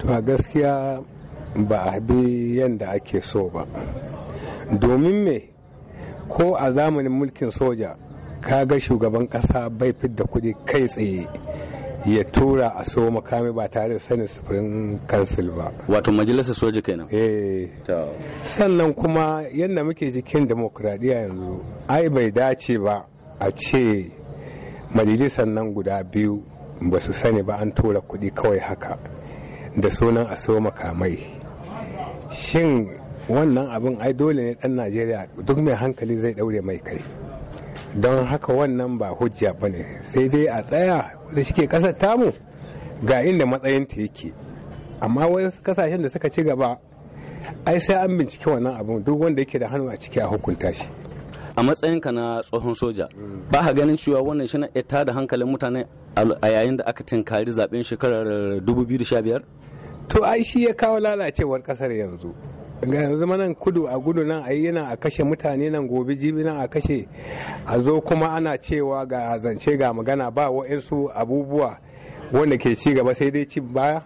to a gaskiya ba a bi yadda ake so ba domin me ko a zamanin mulkin soja kaga shugaban kasa bai fidda kudi kai tsaye ya tura a so makami ba tare da sanin sufurin kansil ba wato majalisar soja kenan eh sannan kuma yadda muke jikin demokuraɗiyya yanzu ai bai dace ba a ce majalisar nan guda biyu ba su sani ba an tura kuɗi kawai haka da sunan a so makamai shin wannan abin ai dole ne dan najeriya duk mai hankali zai daure mai kai don haka wannan ba hujja ba ne sai dai a tsaya da shi ke kasar tamu ga inda matsayinta yake amma wasu kasashen da suka ci gaba ai sai an binciki wannan abin duk wanda yake da hannu a ciki a hukunta shi a matsayinka na tsohon soja ba ka ganin cewa wannan shi na ita da hankalin mutane a yayin da aka tinkari zaben shekarar 2015 to ai shi ya kawo lalacewar kasar yanzu ga yanzu nan kudu a gudu nan a yana a kashe mutane nan gobe jibi nan a kashe a zo kuma ana cewa ga zance ga magana ba wa'insu abubuwa wanda ke ci gaba sai dai ci baya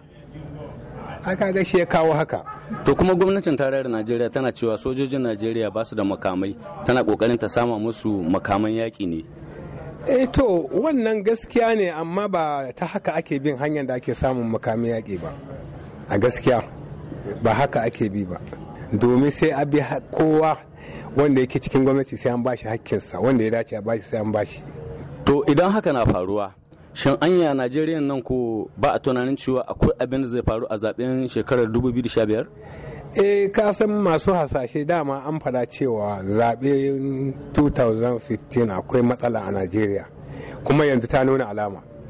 ai ga shi ya kawo haka to kuma gwamnatin tarayyar najeriya tana cewa sojojin najeriya ba su da makamai tana kokarin ta sama musu makaman yaƙi ne eh to wannan gaskiya ne amma ba ta haka ake bin hanyar da ake samun makamin yaƙi ba a gaskiya ba haka ake bi ba domin sai a bi kowa wanda yake cikin gwamnati sai an bashi hakkinsa wanda ya dace a bashi sai an bashi to idan haka na faruwa shin anya najeriya nan ko ba a tunanin cewa akwai abin da zai faru a zaben shekarar 2015 eh kasan masu hasashe dama an fada cewa zaben 2015 akwai matsala a najeriya kuma yanzu ta nuna alama